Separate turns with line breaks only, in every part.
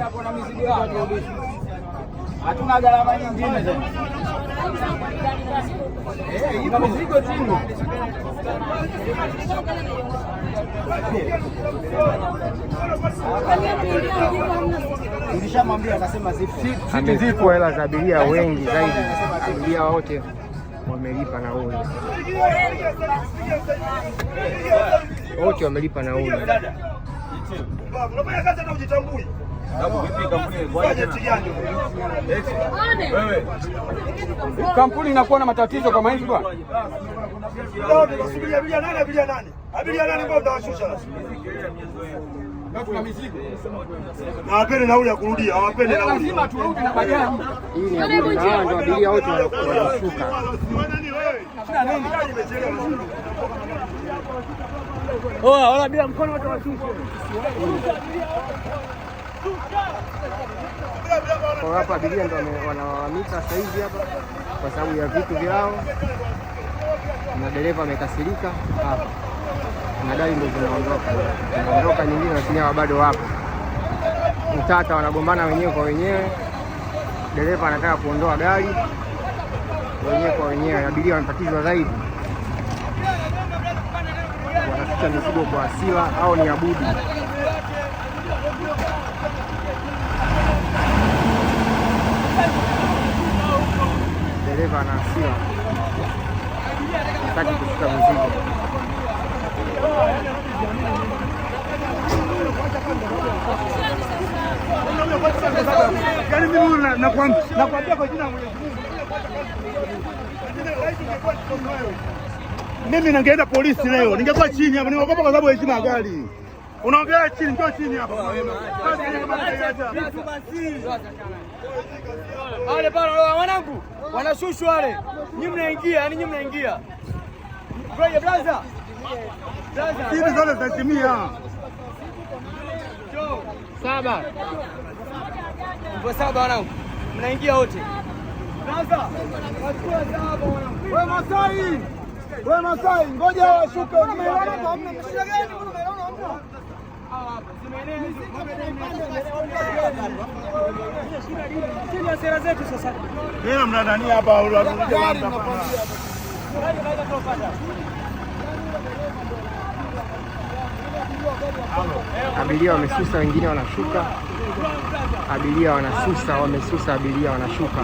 hapo na mizigo Hatuna gharama nyingine eh, mizigo chini. Nilishamwambia akasema hela za abiria wengi zaidi. Abiria wote wamelipa nauli. Wote wamelipa nauli.
Kampuni inakuwa na matatizo kama hivi bwana.
Tuna nauli ya kurudia, Lazima turudi na
bajaji. Oa, bila mkono watu washuke. hapa abiria ndo wanalalamika sasa hivi hapa kwa sababu ya vitu vyao, na dereva amekasirika hapa, na gari zinaondoka zinaondoka nyingine, lakini hawa bado wapo utata, wanagombana wenyewe kwa wenyewe. Dereva anataka kuondoa gari wenyewe kwa wenyewe, abiria wanatatizwa zaidi, wanaficha mizigo kwa asila au ni abudi dereva na hasira, hataki kushika mzigo.
Yaani mimi ningeenda polisi leo, ningekuwa chini hapo, ningeogopa kwa sababu ya heshima ya gari. Unaongea chini, njoo chini hapa. Wale pale wanangu wanashushwa wale. Nyinyi mnaingia, yani nyinyi mnaingia. Ngoja brother.
Brother. Hizi zote zitatimia.
Saba. Mpo saba wanangu. Mnaingia wote. Brother.
Wachukua saba wanangu. Wewe Masai. Wewe Masai, ngoja washuke. Unaelewana kwa sera zetu sasa.
hapa abiria wamesusa, wengine wanashuka, abiria wanasusa, wamesusa, abiria wanashuka,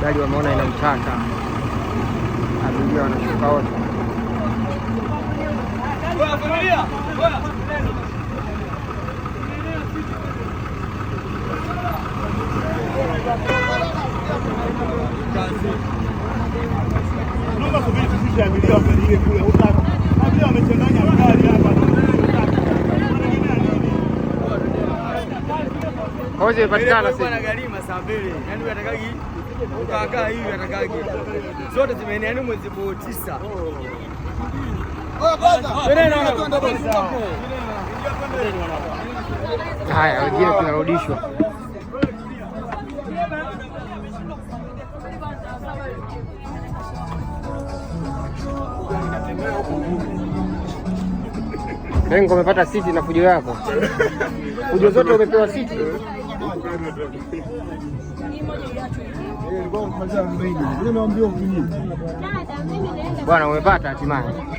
gari wameona inamtaka abiria wanashuka wote. Naomba subiri tushushe
Zote zimeenea ni mwezi wa
Haya, wengine tunarudishwa. Bengo umepata siti na fujo yako, fujo zote umepewa siti. Bwana, umepata hatimaye.